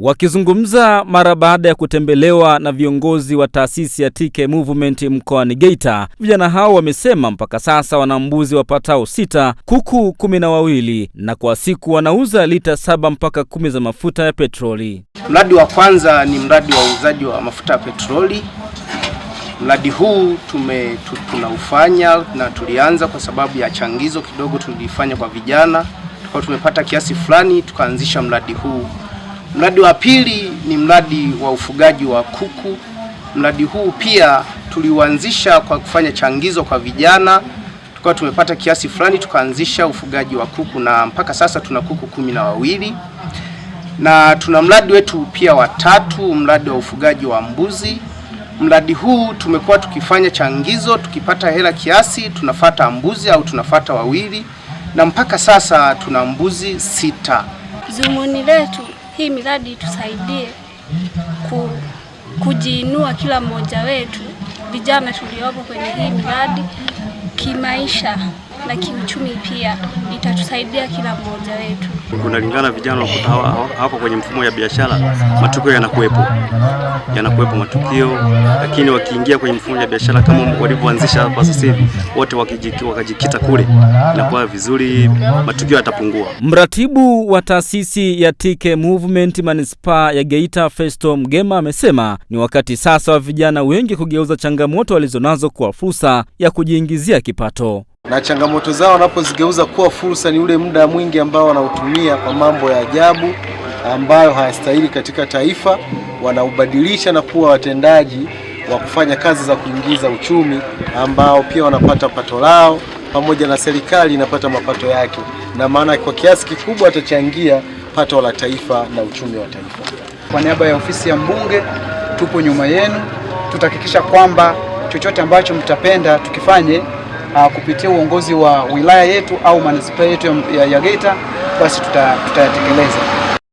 Wakizungumza mara baada ya kutembelewa na viongozi wa taasisi ya TK Movement mkoani Geita, vijana hao wamesema mpaka sasa wana mbuzi wapatao sita, kuku kumi na wawili na kwa siku wanauza lita saba mpaka kumi za mafuta ya petroli. Mradi wa kwanza ni mradi wa uuzaji wa mafuta ya petroli. Mradi huu tume tunaufanya na tulianza kwa sababu ya changizo kidogo tulifanya kwa vijana, tukawa tumepata kiasi fulani, tukaanzisha mradi huu Mradi wa pili ni mradi wa ufugaji wa kuku. Mradi huu pia tuliuanzisha kwa kufanya changizo kwa vijana, tukawa tumepata kiasi fulani, tukaanzisha ufugaji wa kuku na mpaka sasa tuna kuku kumi na wawili na tuna mradi wetu pia wa tatu, mradi wa ufugaji wa mbuzi. Mradi huu tumekuwa tukifanya changizo, tukipata hela kiasi tunafata mbuzi au tunafata wawili, na mpaka sasa tuna mbuzi sita. Zumuni letu hii miradi itusaidie ku, kujiinua kila mmoja wetu, vijana tuliopo kwenye hii miradi kimaisha na kiuchumi, pia itatusaidia kila mmoja wetu kunalingana vijana wakuta hawako kwenye mfumo ya biashara, matukio yanakuwepo, yanakuwepo matukio, lakini wakiingia kwenye mfumo ya biashara kama walivyoanzisha hapa sasa hivi, wote wakajikita kule, inakuwa vizuri, matukio yatapungua. Mratibu wa taasisi ya TK Movement manispaa ya Geita, Festo Mgema, amesema ni wakati sasa wa vijana wengi kugeuza changamoto walizonazo kuwa fursa ya kujiingizia kipato na changamoto zao wanapozigeuza kuwa fursa ni ule muda mwingi ambao wanautumia kwa mambo ya ajabu ambayo hayastahili katika taifa, wanaubadilisha na kuwa watendaji wa kufanya kazi za kuingiza uchumi ambao pia wanapata pato lao pamoja na serikali inapata mapato yake, na maana kwa kiasi kikubwa atachangia pato la taifa na uchumi wa taifa. Kwa niaba ya ofisi ya mbunge, tupo nyuma yenu, tutahakikisha kwamba chochote ambacho mtapenda tukifanye uh, kupitia uongozi wa wilaya yetu au manispaa yetu ya, ya Geita basi tutayatekeleza tuta